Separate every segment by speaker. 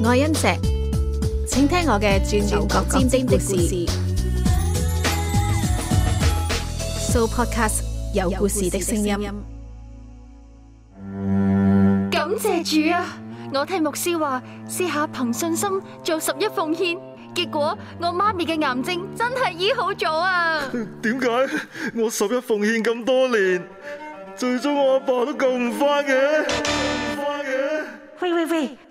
Speaker 1: 我係恩石，請聽我嘅轉轉角尖尖的故事。So podcast 有故事的聲音。
Speaker 2: 感謝主啊！我聽牧師話，試下憑信心做十一奉獻，結果我媽咪嘅癌症真係醫好咗啊！點解？我十一奉獻咁多年，最終我阿爸都救唔翻嘅。喂喂喂！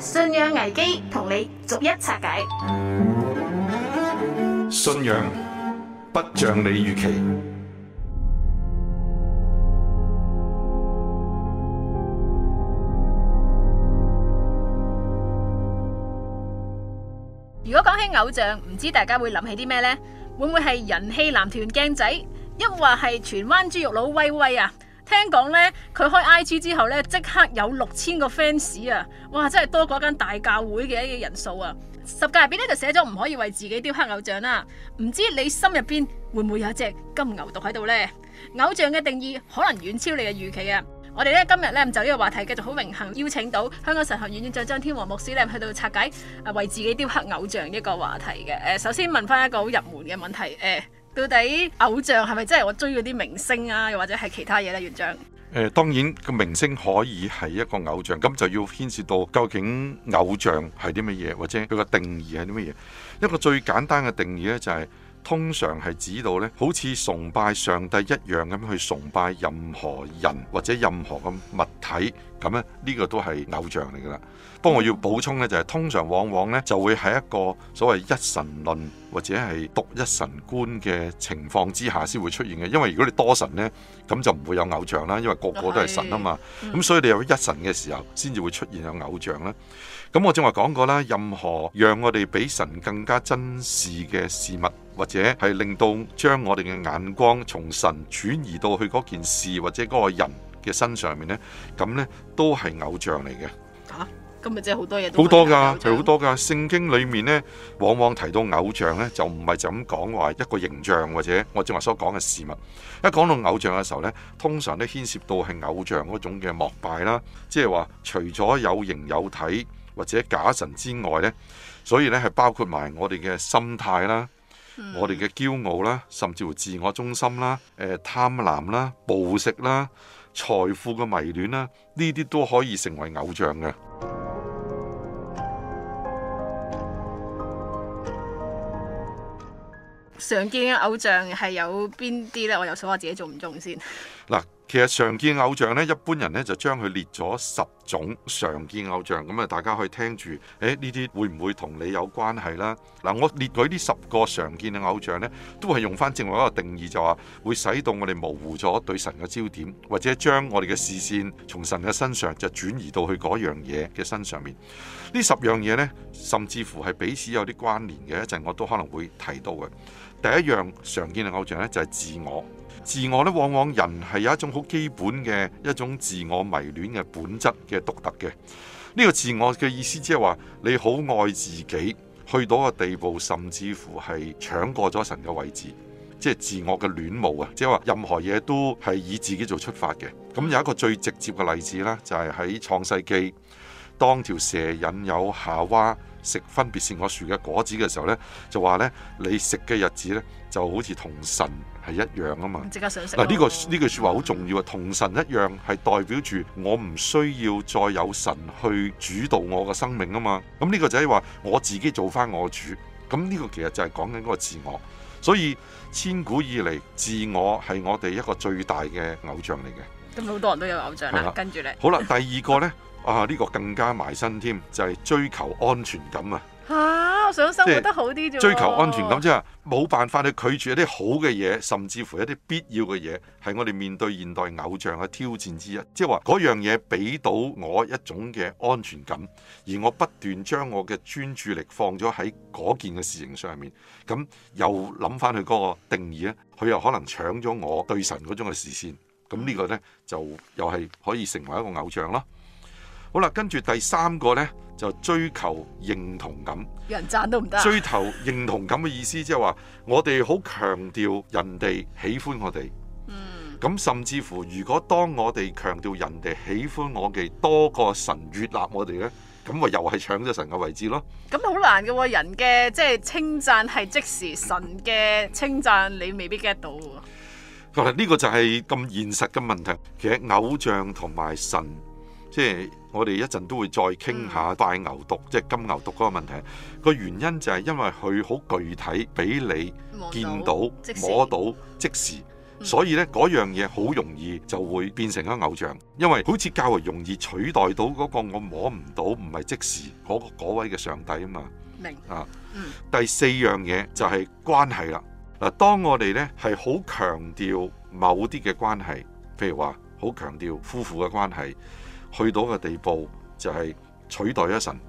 Speaker 1: 信仰危機同你逐一拆解。
Speaker 3: 信仰不像你預期。
Speaker 1: 如果講起偶像，唔知大家會諗起啲咩呢？會唔會係人氣男團鏡仔？抑或係荃灣豬肉佬威威啊？聽講咧，佢開 I G 之後咧，即刻有六千個 fans 啊！哇，真係多過一間大教會嘅人數啊！十誡入邊咧就寫咗唔可以為自己雕刻偶像啦，啊。唔知你心入邊會唔會有一隻金牛犢喺度呢？偶像嘅定義可能遠超你嘅預期啊！我哋咧今日咧就呢個話題，繼續好榮幸邀請到香港神學院院長張天和牧師咧去到拆解誒，為自己雕刻偶像呢個話題嘅。誒、呃，首先問翻一個好入門嘅問題誒。呃到底偶像係咪真係我追嗰啲明星啊，又或者係其他嘢咧？元章，
Speaker 3: 誒、呃，當然個明星可以係一個偶像，咁就要牽涉到究竟偶像係啲乜嘢，或者佢個定義係啲乜嘢。一個最簡單嘅定義呢、就是，就係。通常係指到咧，好似崇拜上帝一樣咁去崇拜任何人或者任何嘅物體咁咧，呢、呢個都係偶像嚟噶啦。不過我要補充呢，就係、是、通常往往呢就會喺一個所謂一神論或者係獨一神觀嘅情況之下先會出現嘅。因為如果你多神呢，咁就唔會有偶像啦，因為個個都係神啊嘛。咁、就是、所以你有一神嘅時候，先至會出現有偶像啦。咁我正話講過啦，任何讓我哋比神更加珍視嘅事物。或者係令到將我哋嘅眼光從神轉移到去嗰件事或者嗰個人嘅身上面呢，咁呢都係偶像嚟嘅。
Speaker 1: 吓、啊，咁咪即係好多嘢都好多
Speaker 3: 噶，係好多噶。聖經裏面呢，往往提到偶像呢，就唔係就咁講話一個形象，或者我正話所講嘅事物。一講到偶像嘅時候呢，通常都牽涉到係偶像嗰種嘅膜拜啦，即係話除咗有形有體或者假神之外呢，所以呢係包括埋我哋嘅心態啦。嗯、我哋嘅驕傲啦，甚至乎自我中心啦，誒貪婪啦、暴食啦、財富嘅迷戀啦，呢啲都可以成為偶像嘅。
Speaker 1: 常見嘅偶像係有邊啲呢？我又想話自己做唔中先。
Speaker 3: 嗱。 其實常見偶像呢，一般人呢就將佢列咗十種常見偶像，咁啊，大家可以聽住，誒呢啲會唔會同你有關係啦？嗱，我列舉呢十個常見嘅偶像呢，都係用翻正話一個定義，就話會使到我哋模糊咗對神嘅焦點，或者將我哋嘅視線從神嘅身上就轉移到去嗰樣嘢嘅身上面。呢十樣嘢呢，甚至乎係彼此有啲關聯嘅，一陣我都可能會提到嘅。第一樣常見嘅偶像呢，就係自我。自我咧往往人係有一種好基本嘅一種自我迷戀嘅本質嘅獨特嘅。呢、這個自我嘅意思，即係話你好愛自己，去到個地步，甚至乎係搶過咗神嘅位置，即係自我嘅戀慕啊！即係話任何嘢都係以自己做出發嘅。咁有一個最直接嘅例子啦，就係、是、喺創世紀，當條蛇引誘夏娃食分別善惡樹嘅果子嘅時候呢，就話呢：「你食嘅日子呢，就好似同神。係一樣啊嘛，嗱呢、啊這個呢句說話好重要啊，同神一樣係代表住我唔需要再有神去主導我嘅生命啊嘛，咁、嗯、呢、這個就係話我自己做翻我主，咁、嗯、呢、這個其實就係講緊嗰個自我，所以千古以嚟自我係我哋一個最大嘅偶像嚟嘅，
Speaker 1: 咁好多人都有偶
Speaker 3: 像啦，啊、跟住咧，好啦，第二個呢，啊呢、這個更加埋身添，就係、是、追求安全感啊。
Speaker 1: 嚇！啊、我想生活得好啲，追求安全感即係
Speaker 3: 冇辦法去拒絕一啲好嘅嘢，甚至乎一啲必要嘅嘢，係我哋面對現代偶像嘅挑戰之一。即係話嗰樣嘢俾到我一種嘅安全感，而我不斷將我嘅專注力放咗喺嗰件嘅事情上面，咁又諗翻佢嗰個定義咧，佢又可能搶咗我對神嗰種嘅視線。咁呢個呢，就又係可以成為一個偶像咯。好啦，跟住第三個呢，就追求認同感。
Speaker 1: 人讚都唔得，啊。追
Speaker 3: 求認同感嘅意思，即係話我哋好強調人哋喜歡我哋。
Speaker 1: 嗯。
Speaker 3: 咁、嗯、甚至乎，如果當我哋強調人哋喜歡我哋，多過神悅納我哋呢，咁咪又係搶咗神嘅位置咯。
Speaker 1: 咁好、嗯、難嘅，啊，人嘅即係稱讚係即時，神嘅稱讚，你未必 get 到。
Speaker 3: 嗱，呢個就係咁現實嘅問題。其實偶像同埋神，即係。我哋一陣都會再傾下拜牛犢，嗯、即係金牛犢嗰個問題。個、嗯、原因就係因為佢好具體，俾你見到、摸到、即時，即時嗯、所以呢，嗰樣嘢好容易就會變成一個偶像，因為好似較為容易取代到嗰個我摸唔到、唔係即時嗰、那個、位嘅上帝啊嘛。明白啊，嗯、第四樣嘢就係關係啦。嗱，當我哋呢係好強調某啲嘅關係，譬如話好強調夫婦嘅關係。去到個地步就係、是，取代咗神，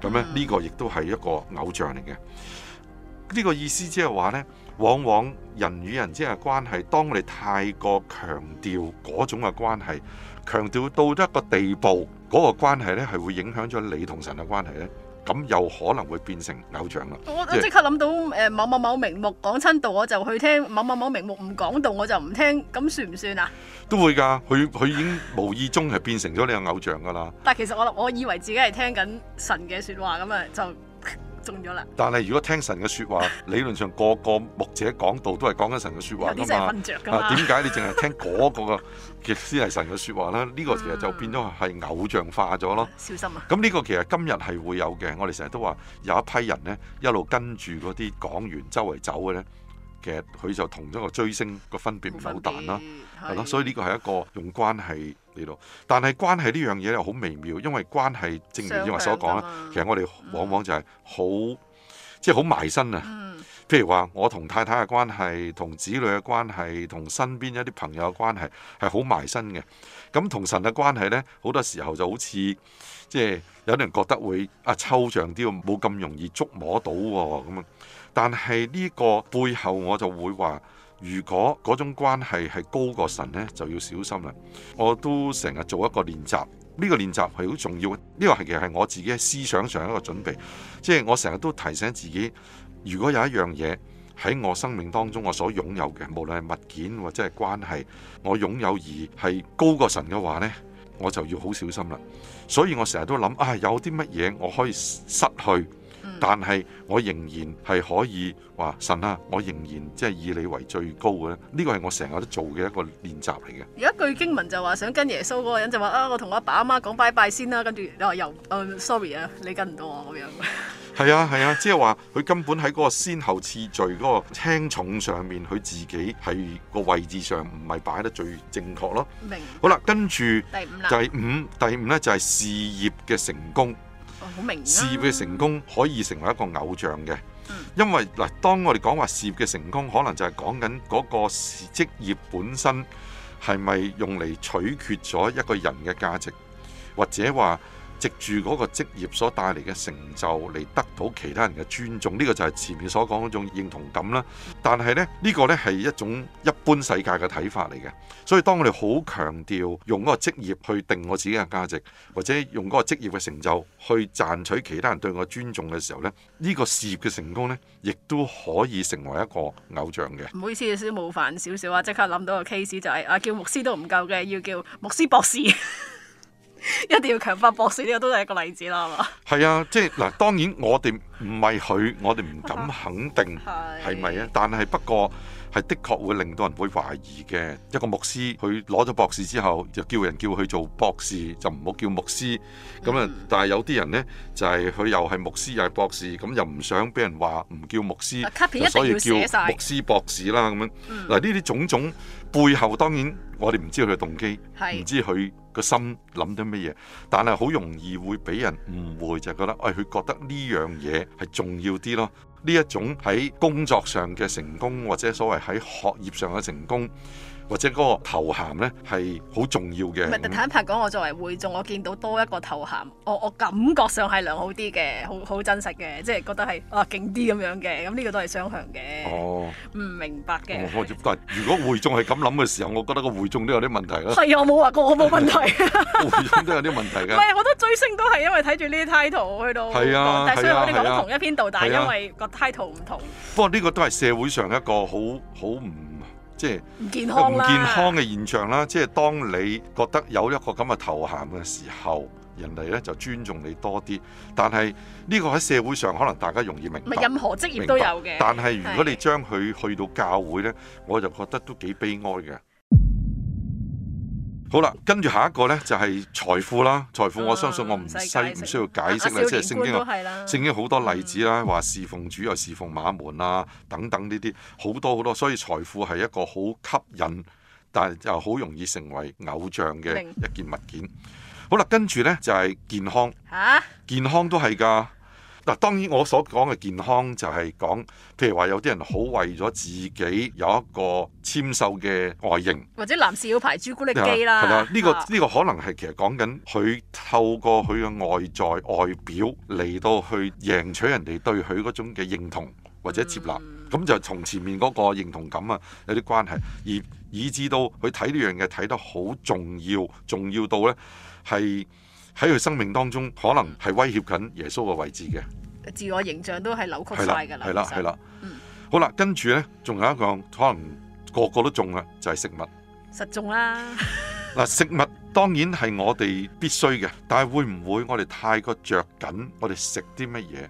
Speaker 3: 咁咧呢個亦都係一個偶像嚟嘅。呢、這個意思即係話呢，往往人與人之間嘅關係，當你太過強調嗰種嘅關係，強調到一個地步，嗰、那個關係呢係會影響咗你同神嘅關係呢。咁又可能會變成偶像啦！
Speaker 1: 我即刻諗到、呃、某某某名目講親道，我就去聽；某某某名目唔講道，我就唔聽。咁算唔算啊？
Speaker 3: 都會㗎，佢佢已經無意中係變成咗你個偶像㗎啦。
Speaker 1: 但其實我我以為自己係聽緊神嘅説話咁啊就。中咗
Speaker 3: 啦！但係如果聽神嘅說話， 理論上個個牧者講道都係講緊神嘅說話噶嘛？啊，點解你淨係聽嗰個嘅，其實先係神嘅說話啦？呢 個其實就變咗係偶像化咗咯。小心啊！咁呢、 啊、個其實今日係會有嘅。我哋成日都話有一批人咧，一路跟住嗰啲講員周圍走嘅咧，其實佢就同咗個追星個分別唔大啦。係咯的，所以呢個係一個用關係。但係關係呢樣嘢又好微妙，因為關係正如以華所講啦，其實我哋往往就係好，嗯、即係好埋身啊。嗯、譬如話我同太太嘅關係、同子女嘅關係、同身邊一啲朋友嘅關係，係好埋身嘅。咁同神嘅關係呢，好多時候就好似，即係有人覺得會啊抽象啲，冇咁容易捉摸到咁、哦、啊。但係呢個背後，我就會話。如果嗰種關係係高過神呢，就要小心啦。我都成日做一個練習，呢個練習係好重要。呢個係其實係我自己思想上一個準備，即係我成日都提醒自己，如果有一樣嘢喺我生命當中我所擁有嘅，無論係物件或者係關係，我擁有而係高過神嘅話呢，我就要好小心啦。所以我成日都諗，啊，有啲乜嘢我可以失去。嗯、但係我仍然係可以話神啊，我仍然即係以你為最高嘅咧。呢、這個係我成日都做嘅一個練習嚟嘅。
Speaker 1: 有一句經文就話想跟耶穌嗰個人就話啊，我同我阿爸阿媽講拜拜先啦、啊，跟住你又啊，sorry 啊，你跟唔到我咁樣。
Speaker 3: 係啊係啊，即係話佢根本喺嗰個先後次序嗰個輕重上面，佢自己係個位置上唔係擺得最正確咯。明白。好啦，跟住第五第五第五咧就係事業嘅成功。
Speaker 1: 啊、事業嘅
Speaker 3: 成功可以成為一個偶像嘅，因為嗱，當我哋講話事業嘅成功，可能就係講緊嗰個事職業本身係咪用嚟取決咗一個人嘅價值，或者話，藉住嗰個職業所帶嚟嘅成就嚟得到其他人嘅尊重，呢個就係前面所講嗰種認同感啦。但係呢，呢個呢係一種一般世界嘅睇法嚟嘅。所以當我哋好強調用嗰個職業去定我自己嘅價值，或者用嗰個職業嘅成就去賺取其他人對我尊重嘅時候呢，呢個事業嘅成功呢亦都可以成為一個偶像嘅。
Speaker 1: 唔好意思，少少冒犯少少啊！即刻諗到個 case 就係啊，叫牧師都唔夠嘅，要叫牧師博士。 一定要強化博士呢個都係一個例子啦，係嘛？
Speaker 3: 係啊，即係嗱，當然我哋唔係佢，我哋唔敢肯定係咪啊？但係不過係的確會令到人會懷疑嘅一個牧師，佢攞咗博士之後，就叫人叫佢做博士，就唔好叫牧師咁啊。但係有啲人呢，就係、是、佢又係牧師又係博士，咁又唔想俾人話唔叫牧師，所以叫牧師博士啦咁樣。嗱，呢啲種種背後，當然我哋唔知佢嘅動機，唔是知佢。個心諗啲乜嘢？但係好容易會俾人誤會，就覺得，哎，佢覺得呢樣嘢係重要啲咯。呢一種喺工作上嘅成功，或者所謂喺學業上嘅成功。或者嗰個頭銜咧係好重要嘅。唔係，特坦
Speaker 1: 白講，我作為會眾，我見到多一個頭銜，我我感覺上係良好啲嘅，好好真實嘅，即係覺得係哇勁啲咁樣嘅。咁呢個都係雙向嘅。哦。
Speaker 3: 唔明白嘅。如果會眾係咁諗嘅時候，我覺得個會眾都有啲問題啦。係
Speaker 1: 啊，我冇話過我冇問題。
Speaker 3: 邊都有啲問題㗎。唔係，
Speaker 1: 好多追星都係因為睇住呢啲 title 去到。係啊。但係雖然我哋講同一篇道，但係因為個 title 唔同。
Speaker 3: 不過呢個都係社會上一個好好唔。即係唔
Speaker 1: 健康唔健康
Speaker 3: 嘅現象啦。即係當你覺得有一個咁嘅頭銜嘅時候，人哋咧就尊重你多啲。但係呢個喺社會上可能大家容易明白，唔係任何職業白都有嘅。但係如果你將佢去到教會呢，我就覺得都幾悲哀嘅。好啦，跟住下一個呢就係、是、財富啦，財富我相信我唔需唔需要解釋啦，啊、即係聖經聖經好多例子啦，話、嗯、侍奉主又侍奉馬門啊等等呢啲好多好多，所以財富係一個好吸引，但係又好容易成為偶像嘅一件物件。明好啦，跟住呢就係、是、健康，啊、健康都係噶。嗱，當然我所講嘅健康就係講，譬如話有啲人好為咗自己有一個纖瘦嘅外形，
Speaker 1: 或者男士要排朱古力機啦，係啦、啊，呢、啊呢個呢、呢個
Speaker 3: 可能係其實講緊佢透過佢嘅外在外表嚟到去贏取人哋對佢嗰種嘅認同或者接納，咁、嗯、就從前面嗰個認同感啊有啲關係，而以至到佢睇呢樣嘢睇得好重要，重要到呢係。喺佢生命當中，可能係威脅緊耶穌嘅位置嘅，
Speaker 1: 自我形象都係扭曲晒噶啦。係啦的，係啦。嗯，
Speaker 3: 好啦，跟住呢，仲有一個可能個個都中嘅，就係、是、食物。
Speaker 1: 實中種啦。
Speaker 3: 嗱， 食物當然係我哋必須嘅，但係會唔會我哋太過着緊我哋食啲乜嘢，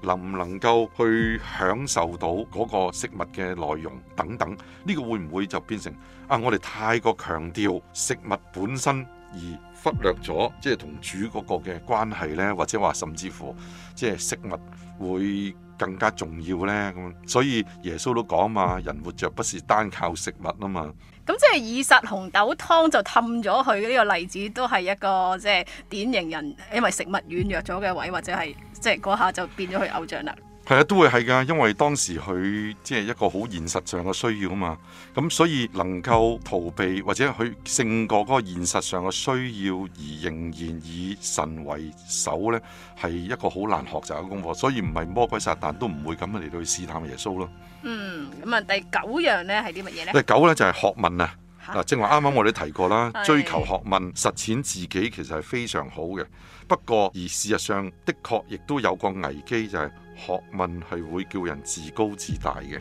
Speaker 3: 能唔能夠去享受到嗰個食物嘅內容等等？呢、這個會唔會就變成啊？我哋太過強調食物本身而。忽略咗即係同主嗰個嘅關係呢，或者話甚至乎即係食物會更加重要呢。咁，所以耶穌都講嘛，人活着不是單靠食物啊嘛。
Speaker 1: 咁即係以實紅豆湯就氹咗佢呢個例子，都係一個即係典型人，因為食物軟弱咗嘅位，或者係即係嗰下就變咗佢偶像啦。
Speaker 3: 係啊，都會係噶，因為當時佢即係一個好現實上嘅需要啊嘛，咁所以能夠逃避或者去勝過嗰個現實上嘅需要，而仍然以神為首呢，係一個好難學習嘅功課。所以唔係魔鬼撒旦，但都唔會咁嚟到試探耶穌咯。嗯，
Speaker 1: 咁啊，第九樣呢係啲乜嘢咧？呢第
Speaker 3: 九呢就係、是、學問啊！嗱哈，正話啱啱我哋提過啦， 追求學問，實踐自己，其實係非常好嘅。 不過而事實上，的確亦都有個危機就係、是。學問係會叫人自高自大嘅，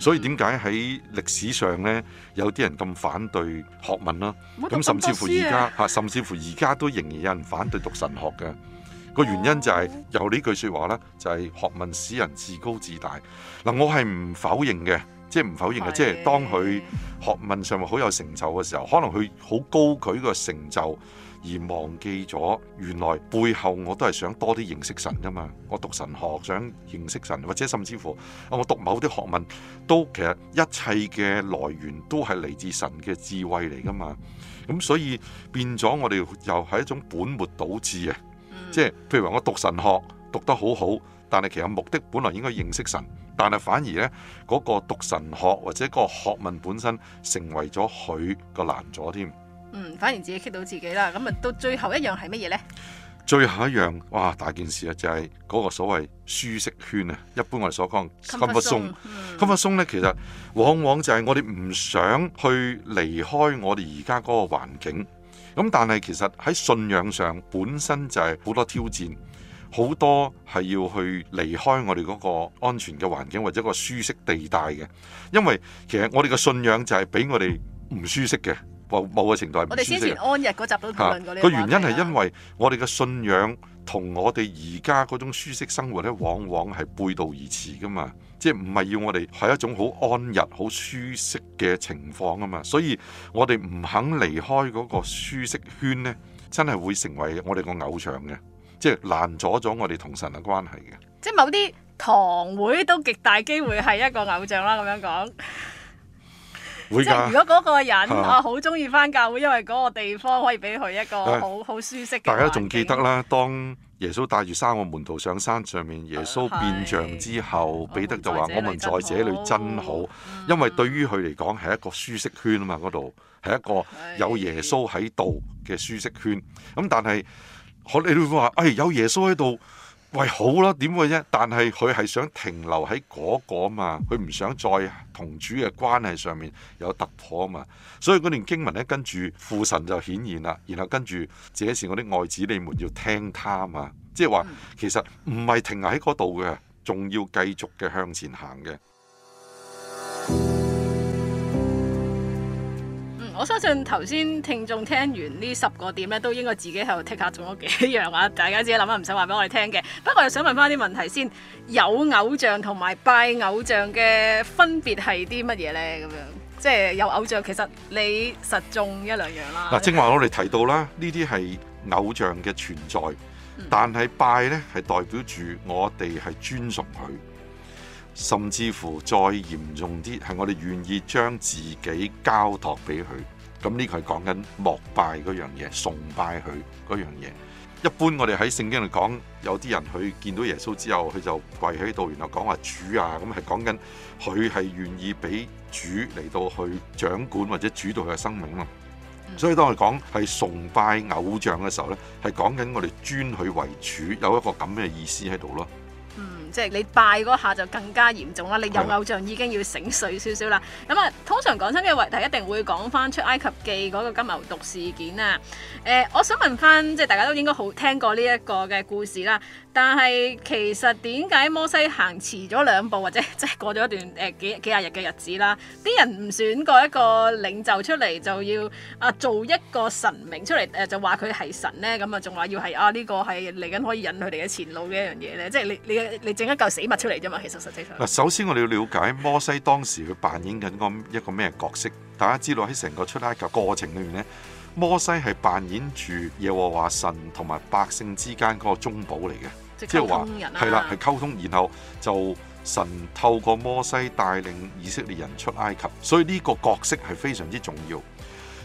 Speaker 3: 所以點解喺歷史上呢，有啲人咁反對學問啦？咁 甚至乎而家，吓 甚至乎而家都仍然有人反對讀神學嘅個 原因就係由呢句說話呢，就係、是、學問使人自高自大。嗱、啊，我係唔否認嘅，即係唔否認嘅，即係 當佢學問上面好有成就嘅時候，可能佢好高佢個成就。而忘記咗原來背後我都係想多啲認識神噶嘛，我讀神學想認識神，或者甚至乎我讀某啲學問，都其實一切嘅來源都係嚟自神嘅智慧嚟噶嘛。咁所以變咗我哋又係一種本末倒置啊。即係譬如話我讀神學讀得好好，但係其實目的本來應該認識神，但係反而呢，嗰個讀神學或者個學問本身成為咗佢個難咗添。
Speaker 1: 嗯，反而自己棘到自己啦。咁啊，到最後一樣係乜嘢呢？
Speaker 3: 最後一樣，哇，大件事啊，就係嗰個所謂舒適圈啊。一般我哋所講，Comfort zone，Comfort zone 呢，其實往往就係我哋唔想去離開我哋而家嗰個環境。咁但係其實喺信仰上本身就係好多挑戰，好多係要去離開我哋嗰個安全嘅環境或者個舒適地帶嘅。因為其實我哋嘅信仰就係俾我哋唔舒適嘅。某嘅程度，我哋之
Speaker 1: 前安逸嗰集都討論過呢個是原因係
Speaker 3: 因為我哋嘅信仰同我哋而家嗰種舒適生活咧，往往係背道而馳噶嘛，即係唔係要我哋係一種好安逸、好舒適嘅情況啊嘛？所以我哋唔肯離開嗰個舒適圈咧，真係會成為我哋個偶像嘅，即係攔阻咗我哋同神嘅關係嘅。
Speaker 1: 即係某啲堂會都極大機會係一個偶像啦，咁樣講。
Speaker 2: 即係如果嗰個人的啊
Speaker 1: 好中意返教會，因為嗰個地方可以俾佢一個好好的舒適嘅。大家仲
Speaker 3: 記得啦，當耶穌帶住三個門徒上山上面，耶穌變像之後，的彼得就話：我們在這裏真好，真好。嗯、因為對於佢嚟講係一個舒適圈啊嘛，嗰度係一個有耶穌喺度嘅舒適圈。咁的的但係，你都會話：誒、哎，有耶穌喺度。喂，好啦，點會啫？但係佢係想停留喺嗰個啊嘛，佢唔想再同主嘅關係上面有突破啊嘛。所以嗰段經文咧，跟住父神就顯現啦，然後跟住這是我的愛子，你們要聽他啊嘛。即係話、嗯、其實唔係停留喺嗰度嘅，仲要繼續嘅向前行嘅。嗯
Speaker 1: 我相信頭先聽眾聽完呢十個點咧，都應該自己喺度剔下中咗幾樣啊。大家自己諗下，唔使話俾我哋聽嘅。不過又想問翻啲問題先：有偶像同埋拜偶像嘅分別係啲乜嘢呢？咁樣即係有偶像，其實你實中一兩樣啦。嗱，
Speaker 3: 正話我哋提到啦，呢啲係偶像嘅存在，但係拜呢係代表住我哋係尊崇佢，甚至乎再嚴重啲係我哋願意將自己交託俾佢。咁呢個係講緊膜拜嗰樣嘢，崇拜佢嗰樣嘢。一般我哋喺聖經嚟講，有啲人佢見到耶穌之後，佢就跪喺度，然後講話主啊，咁係講緊佢係願意俾主嚟到去掌管或者主導佢嘅生命嘛。所以當我哋講係崇拜偶像嘅時候呢，係講緊我哋尊佢為主，有一個咁嘅意思喺度咯。
Speaker 1: 即係你拜嗰下就更加嚴重啦，你有偶像已經要醒水少少啦。咁、嗯、啊，通常講親嘅話題一定會講翻出埃及記嗰個金牛犢事件啊。誒、呃，我想問翻，即係大家都應該好聽過呢一個嘅故事啦。但係其實點解摩西行遲咗兩步，或者即係過咗一段誒、呃、幾幾廿日嘅日子啦？啲人唔選過一個領袖出嚟，就要啊做一個神明出嚟誒、啊，就話佢係神咧，咁、嗯、啊仲話要係啊呢個係嚟緊可以引佢哋嘅前路嘅一樣嘢咧？即係你你你。你你你整一嚿死物出嚟啫嘛，其實實際上。
Speaker 3: 嗱，首先我哋要了解摩西當時佢扮演緊一個咩角色？大家知道喺成個出埃及過程裏面咧，摩西係扮演住耶和華神同埋百姓之間嗰個中保嚟嘅，溝啊、即係話係啦，係溝通，然後就神透過摩西帶領以色列人出埃及，所以呢個角色係非常之重要。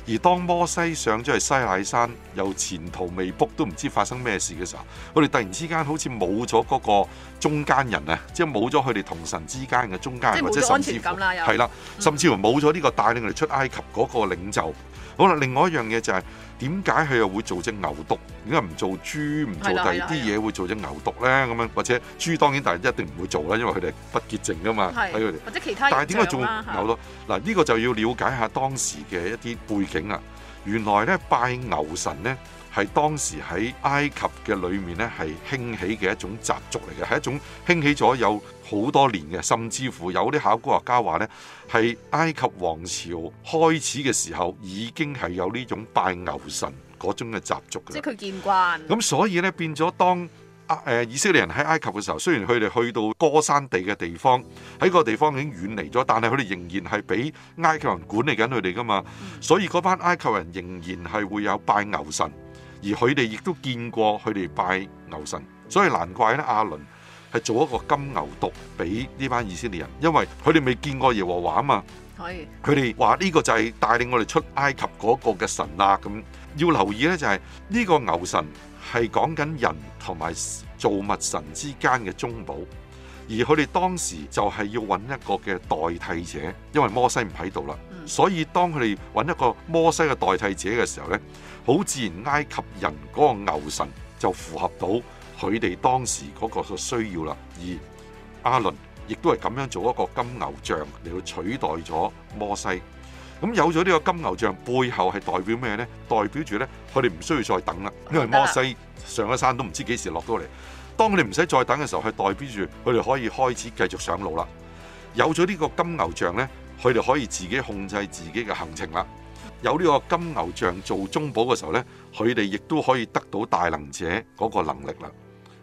Speaker 3: 而當摩西上咗去西奈山，又前途未卜，都唔知發生咩事嘅時候，佢哋突然之間好似冇咗嗰個中間人啊，即係冇咗佢哋同神之間嘅中間人或者神師傅，係啦有，甚至乎冇咗呢個帶領佢哋出埃及嗰個領袖。好啦，另外一樣嘢就係、是。點解佢又會做隻牛犢？點解唔做豬唔做？第二啲嘢會做隻牛犢咧？咁樣或者豬當然，但係一定唔會做啦，因為佢哋不潔淨噶嘛。睇佢哋，或者其他但係點解做牛咯？嗱，呢個就要了解下當時嘅一啲背景啊。原來咧，拜牛神咧。係當時喺埃及嘅裏面呢係興起嘅一種習俗嚟嘅，係一種興起咗有好多年嘅，甚至乎有啲考古學家話呢係埃及王朝開始嘅時候已經係有呢種拜牛神嗰種嘅習俗嘅。即係
Speaker 1: 佢見慣
Speaker 3: 咁，所以呢變咗當誒、呃、以色列人喺埃及嘅時候，雖然佢哋去到歌珊地嘅地方，喺個地方已經遠離咗，但係佢哋仍然係俾埃及人管理緊佢哋㗎嘛，嗯、所以嗰班埃及人仍然係會有拜牛神。而佢哋亦都見過佢哋拜牛神，所以難怪咧，亞倫係做一個金牛犢俾呢班以色列人，因為佢哋未見過耶和華啊嘛。
Speaker 1: 可以，佢哋
Speaker 3: 話呢個就係帶領我哋出埃及嗰個嘅神啊！咁要留意呢，就係、是、呢個牛神係講緊人同埋造物神之間嘅中保，而佢哋當時就係要揾一個嘅代替者，因為摩西唔喺度啦。所以當佢哋揾一個摩西嘅代替者嘅時候呢。好自然，埃及人嗰個牛神就符合到佢哋當時嗰個需要啦。而阿倫亦都係咁樣做一個金牛像嚟到取代咗摩西。咁有咗呢個金牛像背後係代表咩咧？代表住咧，佢哋唔需要再等啦，因為摩西上咗山都唔知幾時落到嚟。當佢哋唔使再等嘅時候，係代表住佢哋可以開始繼續上路啦。有咗呢個金牛像咧，佢哋可以自己控制自己嘅行程啦。有呢個金牛像做中保嘅時候呢，佢哋亦都可以得到大能者嗰個能力啦。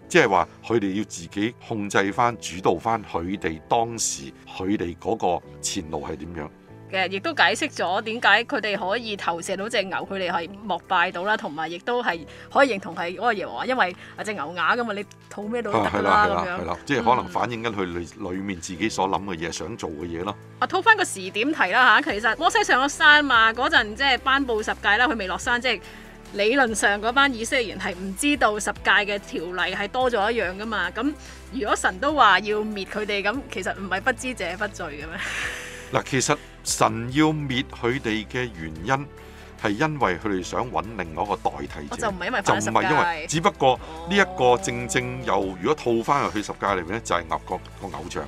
Speaker 3: 即係話，佢哋要自己控制返、主導返佢哋當時，佢哋嗰個前路係點樣？
Speaker 1: 亦都解釋咗點解佢哋可以投射到隻牛，佢哋係膜拜到啦，同埋亦都係可以認同係嗰個耶和華，因為啊隻牛牙噶嘛，你套咩都得啦啦，係啦、
Speaker 3: 啊，即係可能反映緊佢裏面自己所諗嘅嘢，想做嘅嘢咯。
Speaker 1: 啊，套翻個時點提啦嚇，其實摩西上咗山嘛，嗰陣即係頒布十誡啦，佢未落山，即係理論上嗰班以色列人係唔知道十誡嘅條例係多咗一樣噶嘛。咁如果神都話要滅佢哋，咁其實唔係不知者不罪嘅咩？
Speaker 3: 嗱，其實神要滅佢哋嘅原因係因為佢哋想揾另外一個代替者，就唔係因，因為，只不過呢一個正正又如果套翻入去，去十誡裏面呢，就係鴨角個偶像。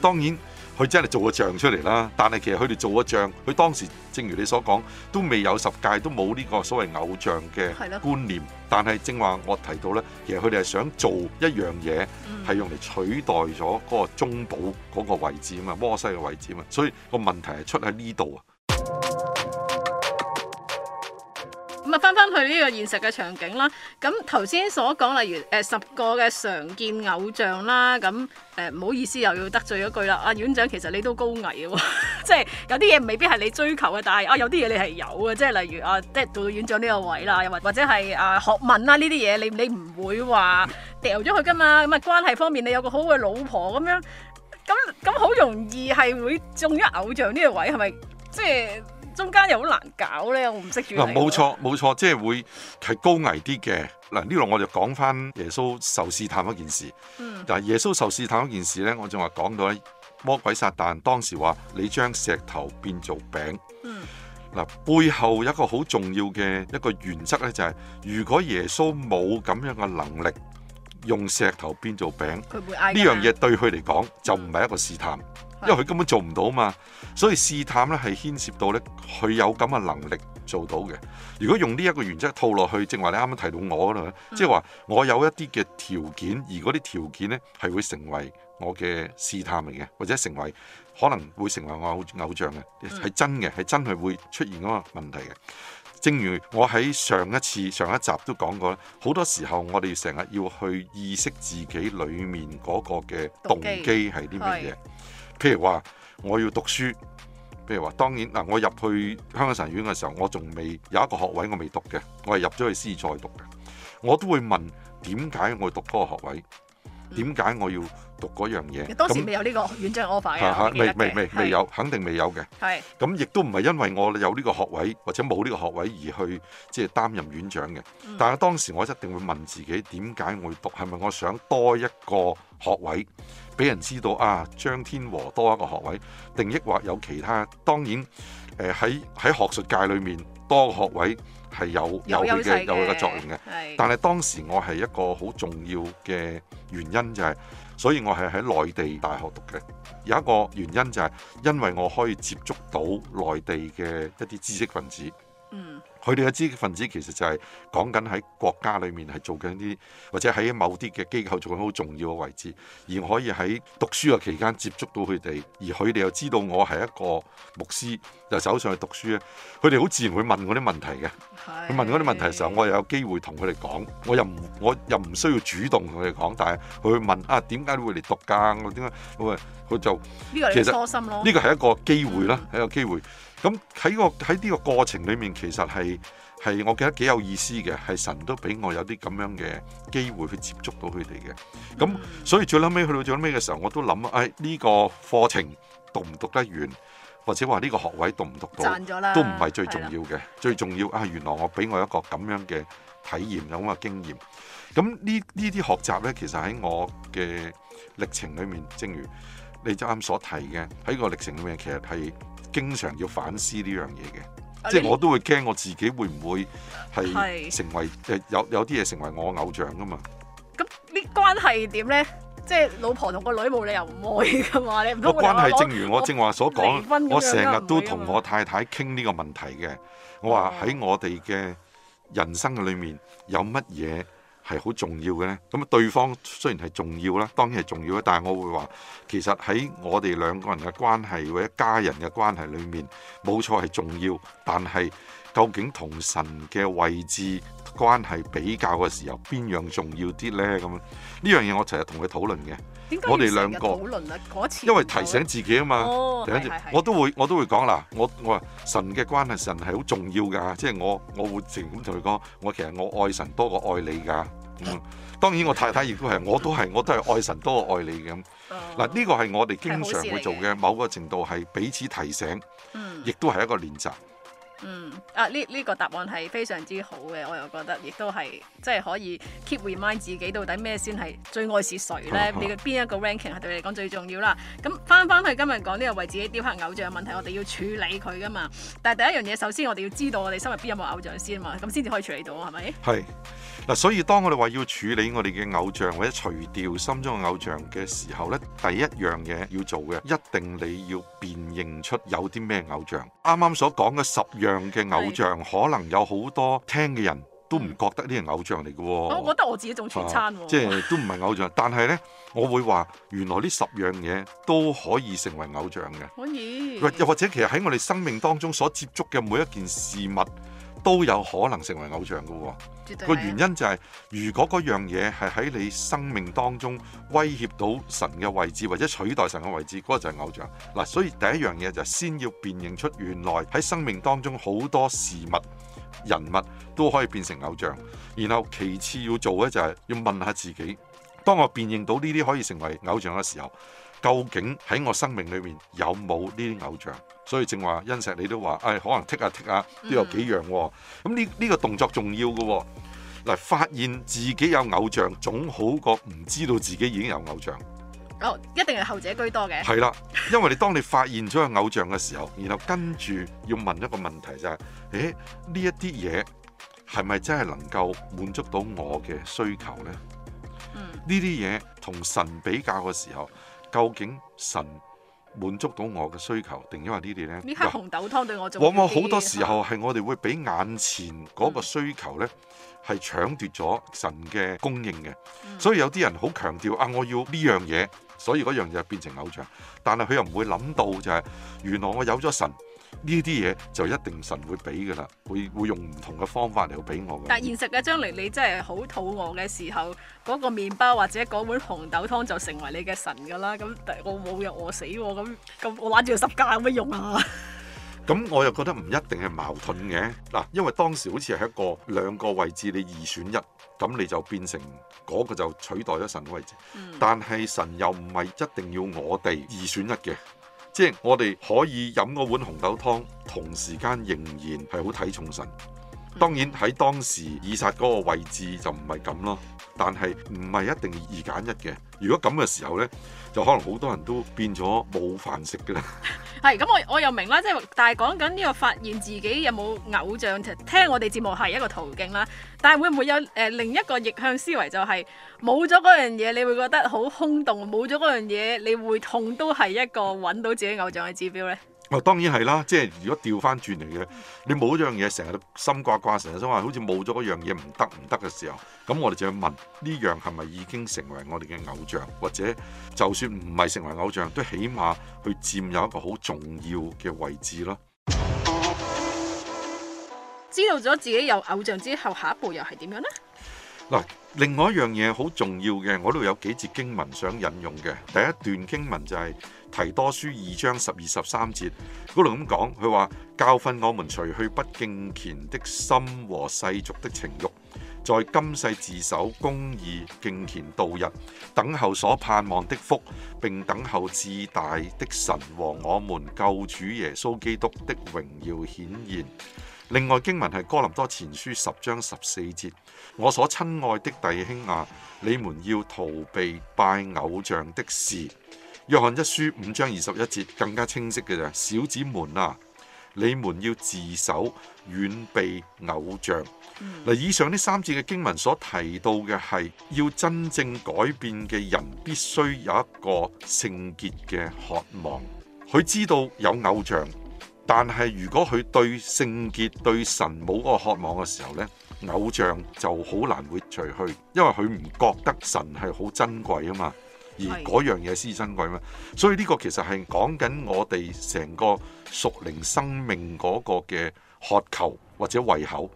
Speaker 3: 當然。嗯佢真係做個像出嚟啦，但係其實佢哋做個像，佢當時正如你所講，都未有十誡，都冇呢個所謂偶像嘅觀念。的但係正話我提到呢，其實佢哋係想做一樣嘢，係、嗯、用嚟取代咗嗰個中保嗰個位置啊嘛，摩西嘅位置啊嘛，所以個問題係出喺呢度啊。嗯
Speaker 1: 咁啊，翻翻去呢個現實嘅場景啦。咁頭先所講，例如誒、呃、十個嘅常見偶像啦，咁誒唔好意思又要得罪一句啦。阿、啊、院長其實你都高危嘅， 即係有啲嘢未必係你追求嘅，但係啊有啲嘢你係有嘅，即係例如啊，即係做到院長呢個位啦，又或或者係啊學問啦呢啲嘢，你你唔會話掉咗佢噶嘛。咁啊，關係方面你有個好嘅老婆咁樣，咁咁好容易係會中於偶像呢個位係咪？即係。中間又好難搞咧，我唔識住。嗱，
Speaker 3: 冇錯冇錯，即係會係高危啲嘅。嗱，呢度我就講翻耶穌受試探嗰件事。嗯。嗱，耶穌受試探嗰件事咧，我仲話講到咧，魔鬼撒旦當時話你將石頭變做餅。嗯。嗱，背後有一個好重要嘅一個原則咧，就係如果耶穌冇咁樣嘅能力用石頭變做餅，呢樣嘢對佢嚟講就唔係一個試探。因為佢根本做唔到嘛，所以試探咧係牽涉到咧佢有咁嘅能力做到嘅。如果用呢一個原則套落去，正話你啱啱提到我嗰度，嗯、即係話我有一啲嘅條件，而嗰啲條件咧係會成為我嘅試探嚟嘅，或者成為可能會成為我偶像嘅，係，嗯、真嘅，係真係會出現嗰個問題嘅。正如我喺上一次上一集都講過啦，好多時候我哋成日要去意識自己裡面嗰個嘅動機係啲乜嘢。譬如話，我要讀書。譬如話，當然嗱、啊，我入去香港神院嘅時候，我仲未有一個學位，我未讀嘅，我係入咗去師再讀嘅。我都會問點解我要讀嗰個學位。點解我要讀嗰樣嘢？當時未有呢個
Speaker 1: 院長 offer 嘅，未未未未有，
Speaker 3: 是肯定未有嘅。係咁是，亦都唔係因為我有呢個學位或者冇呢個學位而去即係、就是、擔任院長嘅。嗯、但係當時我一定會問自己，點解我要讀？係咪我想多一個學位，俾人知道啊？張天和多一個學位，定抑或有其他？當然，誒喺喺學術界裏面多個學位。係有有佢嘅有佢嘅作用嘅，的但係當時我係一個好重要嘅原因就係、是，所以我係喺內地大學讀嘅。有一個原因就係、是、因為我可以接觸到內地嘅一啲知識分子。佢哋嘅知識分子其實就係講緊喺國家裏面係做緊啲，或者喺某啲嘅機構做緊好重要嘅位置，而可以喺讀書嘅期間接觸到佢哋，而佢哋又知道我係一個牧師，就走上去讀書咧，佢哋好自然會問我啲問題嘅。佢問我啲問題嘅時候我我，我又有機會同佢哋講，我又唔我又唔需要主動同佢哋講，但係佢會問啊點解會嚟讀教啊？點解喂佢就呢個你初呢個係一個機會啦，係一個機會。咁喺個喺呢個過程裏面，其實係係我記得幾有意思嘅，係神都俾我有啲咁樣嘅機會去接觸到佢哋嘅。咁所以最屘尾去到最屘尾嘅時候，我都諗啊，誒、哎、呢、呢個課程讀唔讀得完，或者話呢個學位讀唔讀到，都唔係最重要嘅。的最重要啊，原來我俾我一個咁樣嘅體驗有咁嘅經驗。咁呢呢啲學習呢，其實喺我嘅歷程裏面，正如你啱啱所提嘅，喺個歷程裏面，其實係。經常要反思呢樣嘢嘅，
Speaker 1: 啊、即係我都
Speaker 3: 會驚我自己會唔會係成為誒是、呃、有有啲嘢成為我偶像噶嘛？
Speaker 1: 咁呢關係點呢？即係老婆同個女冇理由唔愛噶嘛？你唔都關係，正如我
Speaker 3: 正話所講，我成日都同我太太傾呢個問題嘅。我話喺我哋嘅人生嘅裏面有乜嘢係好重要嘅呢。咁啊，對方雖然係重要啦，當然係重要啦，但係我會話，其實喺我哋兩個人嘅關係或者家人嘅關係裏面，冇錯係重要，但係究竟同神嘅位置關係比較嘅時候，邊樣重要啲呢？咁樣呢樣嘢我成日同佢討論嘅，我哋兩個討
Speaker 1: 論因為提醒自
Speaker 3: 己啊嘛，係係、哦，我都會我都會講啦，我我話神嘅關係，神係好重要噶，即係我我會成咁同佢講，我其實我愛神多過愛你噶。嗯、當然，我太太亦都係，我都係，我都係愛神多愛你咁。嗱、哦，呢個係我哋經常去做嘅，某個程度係彼此提醒，亦都係一個練習。
Speaker 1: 嗯，啊呢，呢個答案係非常之好嘅，我又覺得亦都係即係可以 keep remind 自己到底咩先係最愛是誰咧？你嘅邊一個 ranking 係對你嚟講最重要啦。咁翻翻去今日講呢個為自己雕刻偶像嘅問題，我哋要處理佢噶嘛。但係第一樣嘢，首先我哋要知道我哋心入邊有冇偶像先啊嘛，咁先至可以處理到係咪？
Speaker 3: 係。嗱，所以當我哋話要處理我哋嘅偶像或者除掉心中嘅偶像嘅時候咧，第一樣嘢要做嘅，一定你要辨認出有啲咩偶像。啱啱所講嘅十樣。嘅偶像可能有好多聽嘅人都唔覺得呢係偶像嚟嘅，啊，我覺
Speaker 1: 得我自己仲全餐，啊，即係，啊就是，
Speaker 3: 都唔係偶像。 但係呢，我會話原來呢十樣嘢都可以成為偶像嘅，可以。又或者其實喺我哋生命當中所接觸嘅每一件事物。都有可能成為偶像嘅喎、哦，個原因就係、是、如果嗰樣嘢係喺你生命當中威脅到神嘅位置，或者取代神嘅位置，嗰、那個就係偶像嗱。所以第一樣嘢就先要辨認出原來喺生命當中好多事物、人物都可以變成偶像，然後其次要做咧就係要問下自己，當我辨認到呢啲可以成為偶像嘅時候。究竟喺我生命裏面有冇呢啲偶像？所以正話，殷石你都話，誒、哎，可能剔下剔下都有幾樣、哦。咁呢呢個動作重要嘅。嗱，發現自己有偶像，總好過唔知道自己已經有偶像。
Speaker 1: 哦，一定係後者居多嘅。係
Speaker 3: 啦，因為你當你發現咗有偶像嘅時候， 然後跟住要問一個問題就係、是，誒，呢一啲嘢係咪真係能夠滿足到我嘅需求呢？呢啲嘢同神比較嘅時候。究竟神滿足到我嘅需求，定因為呢啲呢？呢個紅
Speaker 1: 豆湯對我仲，往往好多時
Speaker 3: 候係我哋會俾眼前嗰個需求呢，係搶奪咗神嘅供應嘅。所以有啲人好強調啊，我要呢樣嘢，所以嗰樣嘢變成偶像。但係佢又唔會諗到就係，原來我有咗神。呢啲嘢就一定神會俾噶啦，會會用唔同嘅方法嚟到俾我嘅。但
Speaker 1: 現實嘅將來，你真係好肚餓嘅時候，嗰個麵包或者嗰碗紅豆湯就成為你嘅神噶啦。咁我冇又餓死，咁咁我攬住十字架有乜用啊？
Speaker 3: 咁 我又覺得唔一定係矛盾嘅，嗱，因為當時好似係一個兩個位置，你二選一，咁你就變成嗰個就取代咗神嘅位置。嗯、但係神又唔係一定要我哋二選一嘅。即係我哋可以飲嗰碗紅豆湯，同時間仍然係好睇重神。當然喺當時以撒嗰個位置就唔係咁咯，但係唔係一定要二揀一嘅。如果咁嘅時候呢，就可能好多人都變咗冇飯食噶啦。
Speaker 1: 係咁，我我又明啦，即係，但係講緊呢個發現自己有冇偶像，其實聽我哋節目係一個途徑啦。但係會唔會有誒、呃、另一個逆向思維，就是，就係冇咗嗰樣嘢，你會覺得好空洞，冇咗嗰樣嘢，你會痛，都係一個揾到自己偶像嘅指標呢？
Speaker 3: 嗱，當然係啦，即係如果調翻轉嚟嘅，你冇一樣嘢成日都心掛掛，成日都話好似冇咗嗰樣嘢唔得唔得嘅時候，咁我哋就要問呢樣係咪已經成為我哋嘅偶像，或者就算唔係成為偶像，都起碼去佔有一個好重要嘅位置咯。
Speaker 1: 知道咗自己有偶像之後，下一步又係點樣呢？
Speaker 3: 嗱，另外一樣嘢好重要嘅，我都有幾節經文想引用嘅。第一段經文就係。提多書二章十二十三節，嗰度咁講，佢話教訓我們除去不敬虔的心和世俗的情欲，在今世自守公義敬虔度日，等候所盼望的福，並等候至大的神和我們救主耶穌基督的榮耀顯現。另外經文係哥林多前書十章十四節，我所親愛的弟兄啊，你們要逃避拜偶像的事。約翰一書五章二十一節更加清晰嘅啫，小子們啊，你們要自守，遠避偶像。嗱、嗯，以上呢三節嘅經文所提到嘅係，要真正改變嘅人必須有一個聖潔嘅渴望。佢知道有偶像，但係如果佢對聖潔、對神冇個渴望嘅時候咧，偶像就好難會除去，因為佢唔覺得神係好珍貴啊嘛。而嗰樣嘢先珍貴咩？所以呢個其實係講緊我哋成個屬靈生命嗰個嘅渴求或者胃口。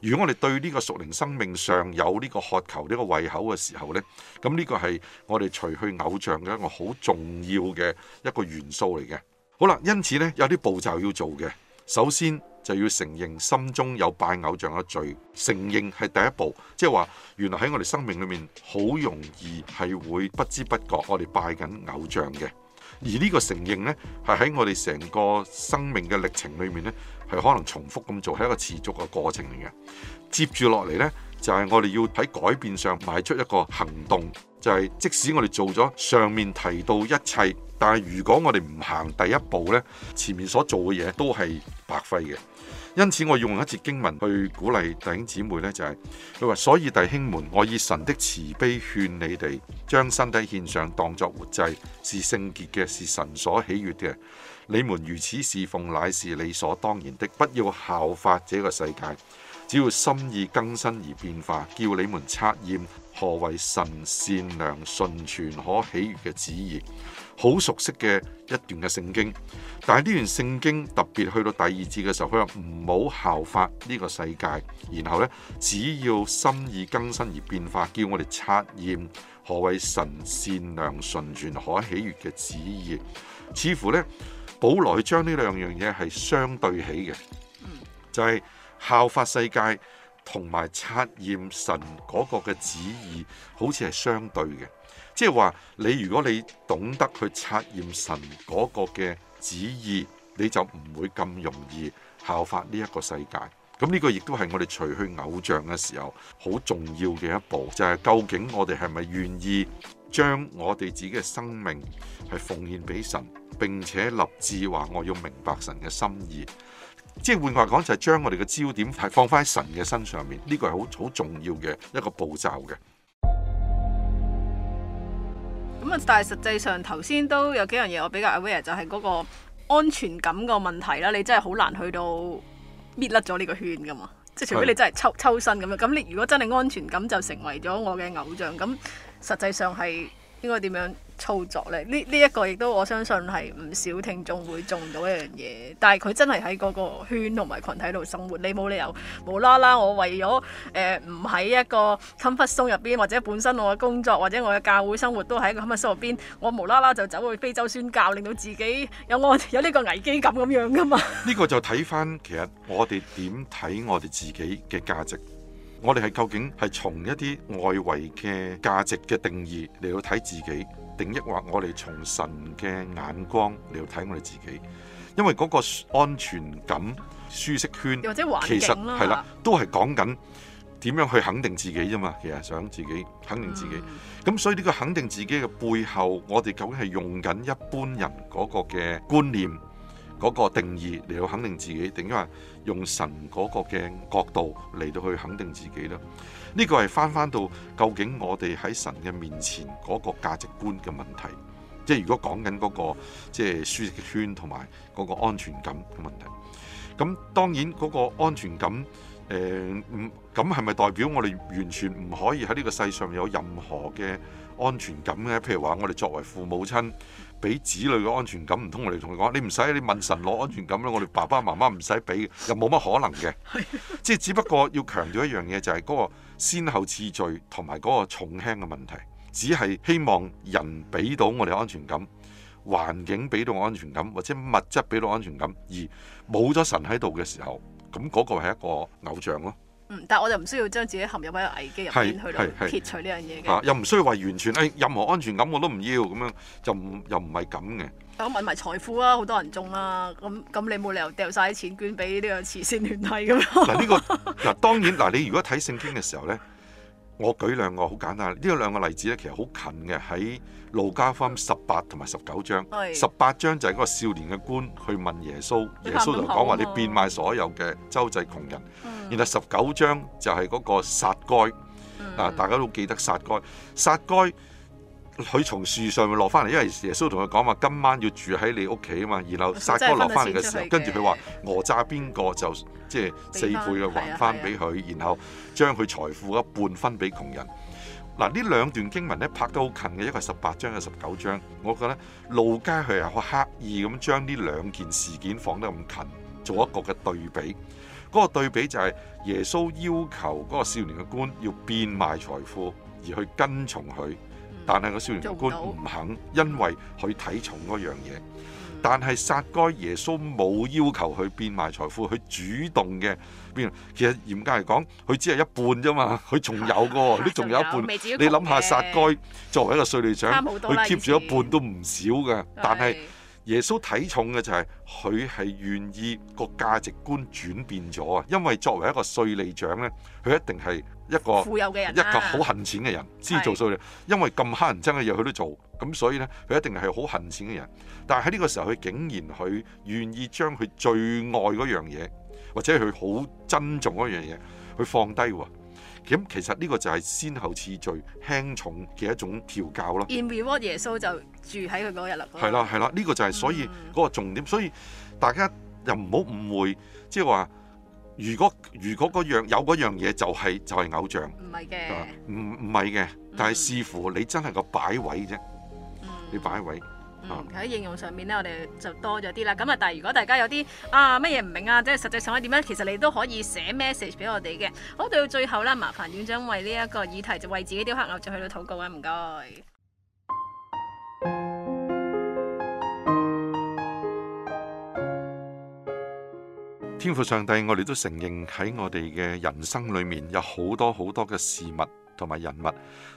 Speaker 3: 如果我哋對呢個屬靈生命上有呢個渴求、呢、呢個胃口嘅時候呢，咁呢個係我哋除去偶像嘅一個好重要嘅一個元素嚟嘅。好啦，因此呢，有啲步驟要做嘅。首先就要承認心中有拜偶像嘅罪，承認係第一步，即係話原來喺我哋生命裏面好容易係會不知不覺我哋拜緊偶像嘅，而呢個承認呢，係喺我哋成個生命嘅歷程裏面呢，係可能重複咁做，係一個持續嘅過程嚟嘅。接住落嚟呢。就係我哋要喺改變上邁出一個行動，就係、是、即使我哋做咗上面提到一切，但係如果我哋唔行第一步呢，前面所做嘅嘢都係白費嘅。因此我用一節經文去鼓勵弟兄姊妹呢，就係佢話：所以弟兄們，我以神的慈悲勸你哋，將身體獻上當作活祭，是聖潔嘅，是神所喜悅嘅。你們如此侍奉，乃是理所當然的，不要效法這個世界。只要心意更新而變化，叫你們察驗何為神善良、純全、可喜悦嘅旨意，好熟悉嘅一段嘅聖經。但係呢段聖經特別去到第二節嘅時候，佢話唔好效法呢個世界，然後呢，只要心意更新而變化，叫我哋察驗何為神善良、純全、可喜悦嘅旨意。似乎呢，保羅將呢兩樣嘢係相對起嘅，就係、是。效法世界同埋察驗神嗰個嘅旨意，好似係相對嘅，即係話你如果你懂得去察驗神嗰個嘅旨意，你就唔會咁容易效法呢一個世界。咁呢個亦都係我哋除去偶像嘅時候好重要嘅一步，就係究竟我哋係咪願意將我哋自己嘅生命係奉獻俾神，並且立志話我要明白神嘅心意。即係換句話講，就係將我哋嘅焦點係放翻喺神嘅身上面，呢個係好好重要嘅一個步驟嘅。
Speaker 1: 咁啊，但係實際上頭先都有幾樣嘢我比較 aware，就係嗰個安全感個問題啦。你真係好難去到搣甩咗呢個圈噶嘛。即係除非你真係抽對抽身咁樣。咁你如果真係安全感就成為咗我嘅偶像，咁實際上係應該點樣操作咧，呢呢一個亦都我相信係唔少聽眾會中到一樣嘢。但係佢真係喺嗰個圈同埋群體度生活，你冇理由無啦啦，我為咗誒唔喺一個 comfort zone 入邊，或者本身我嘅工作或者我嘅教會生活都喺一個 comfort zone 入邊，我無啦啦就走去非洲宣教，令到自己有我有呢個危機感咁樣噶嘛？
Speaker 3: 呢個就睇翻其實我哋點睇我哋自己嘅價值，我哋係究竟係從一啲外圍嘅價值嘅定義嚟到睇自己。定抑或我哋從神嘅眼光嚟睇我哋自己，因為嗰個安全感、舒適圈，其實係啦，都係講緊點樣去肯定自己啫嘛。其實想自己肯定自己，咁、嗯、所以呢個肯定自己嘅背後，我哋究竟係用緊一般人嗰個嘅觀念。嗰個定義嚟到肯定自己，定係用神嗰個嘅角度嚟到去肯定自己啦。呢個係翻翻到究竟我哋喺神嘅面前嗰個價值觀嘅問題，即係如果講緊嗰個即係舒適圈同埋嗰個安全感嘅問題。咁當然嗰個安全感，誒咁係咪代表我哋完全唔可以喺呢個世上有任何嘅安全感呢？譬如話我哋作為父母親。俾子女嘅安全感，唔通我哋同佢講，你唔使，你問神攞安全感啦。我哋爸爸媽媽唔使俾，又冇乜可能嘅。即係只不過要強調一樣嘢，就係嗰個先後次序同埋嗰個重輕嘅問題，只係希望人俾到我哋安全感，環境俾到安全感，或者物質俾到安全感，而冇咗神喺度嘅時候，咁嗰個係一個偶像咯。
Speaker 1: 但係我就唔需要將自己陷入喺個危機入面去撇除呢樣嘢嘅，啊，又
Speaker 3: 唔需要話完全，哎，任何安全感我都唔要咁樣就，就又唔係咁嘅。
Speaker 1: 我、啊、問埋財富啊，好多人中啦、啊，咁咁你冇理由掉晒啲錢捐俾呢個慈善團體咁咯。嗱呢、啊這
Speaker 3: 個嗱、啊、當然嗱、啊、你如果睇聖經嘅時候咧，我舉兩個好簡單呢、這個、兩個例子咧，其實好近嘅，喺路加福音十八同埋十九章，十八是章就係嗰個少年嘅官去問耶穌，耶穌就講話你變賣所有嘅周濟窮人。啊然後十九章就係嗰個撒該，嗱、嗯、大家都記得撒該，撒該佢從樹上面落翻嚟，因為耶穌同佢講話今晚要住喺你屋企啊嘛。然後撒該落翻嚟嘅時候，跟住佢話訛詐邊個就即係、就是、四倍嘅還翻俾佢，啊啊、然後將佢財富一半分俾窮人。嗱呢兩段經文咧拍得好近嘅，一個係十八章，一個十九章。我覺得路加係好刻意咁將呢兩件事件放得咁近，做一個嘅對比。嗰個對比就係耶穌要求嗰個少年嘅官要變賣財富而去跟從佢，但係個少年官唔肯，因為佢睇重嗰樣嘢。但係撒該耶穌冇要求佢變賣財富，佢主動嘅變。其實嚴格嚟講，佢只係一半啫嘛，佢仲有個，你仲有一半。你諗下撒該作為一個稅吏長，佢 keep 住一半都唔少㗎，但係。耶穌睇重嘅就係佢係願意個價值觀轉變咗啊！因為作為一個稅吏長呢，佢一定係一個富
Speaker 1: 有嘅人、啊、一個好
Speaker 3: 恨錢嘅人，先做稅吏，的因為咁乞人憎嘅嘢佢都做，咁所以呢，佢一定係好恨錢嘅人。但係喺呢個時候，佢竟然佢願意將佢最愛嗰樣嘢，或者佢好珍重嗰樣嘢，佢放低喎。咁其實呢個就係先後次序輕重嘅一種調教囉。
Speaker 1: In reward，耶穌就住喺佢嗰日啦。係
Speaker 3: 啦，係啦，呢個就係所以嗰個重點。所以大家又唔好誤會，即係話如果，如果嗰樣有嗰樣嘢就係就係偶像，
Speaker 2: 唔係嘅，
Speaker 3: 唔唔係嘅，但係視乎你真係個擺位啫，你擺位。
Speaker 1: 喺、嗯、應用上面咧，我哋就多咗啲啦。咁啊，但係如果大家有啲啊乜嘢唔明啊，即係實際上係點樣，其實你都可以寫 message 俾我哋嘅。好，到最後啦，麻煩院長為呢一個議題就為自己雕刻偶像就去到禱告啊！唔該。
Speaker 3: 天父上帝，我哋都承認喺我哋嘅人生裏面有好多好多嘅事物同埋人物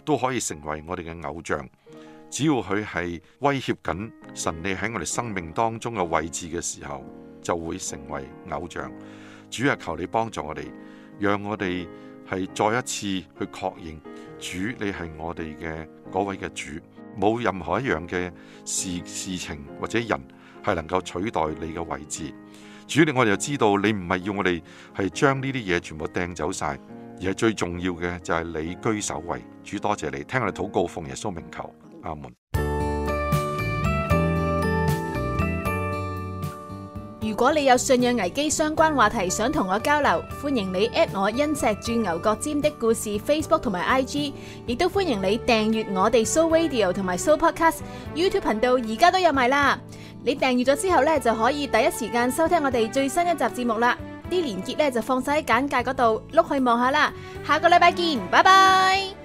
Speaker 3: 都可以成為我哋嘅偶像。只要佢係威脅緊神，你喺我哋生命當中嘅位置嘅時候，就會成為偶像。主係求你幫助我哋，讓我哋係再一次去確認主，你係我哋嘅嗰位嘅主，冇任何一樣嘅事事情或者人係能夠取代你嘅位置。主，我哋又知道你唔係要我哋係將呢啲嘢全部掟走晒，而係最重要嘅就係你居首位。主，多謝你聽我哋禱告，奉耶穌名求。
Speaker 1: 如果你有信仰危機相關話題想同我交流，歡迎你 at 我《因石轉牛角尖的故事》Facebook 同埋 IG，亦都歡迎你訂閱我哋 Show Radio 同埋 Show Podcast YouTube 頻道，而家都有埋啦。你訂閱咗之後呢，就可以第一時間收聽我哋最新一集節目啦。啲連結呢就放晒喺簡介嗰度，碌去望下啦。下個禮拜見，拜拜。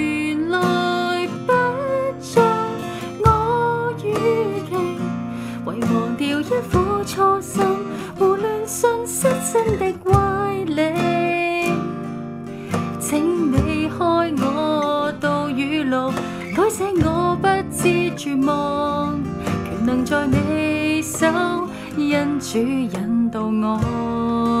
Speaker 2: 權能在你手，因主引導我。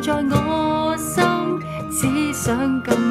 Speaker 2: 常在我心，只想跟。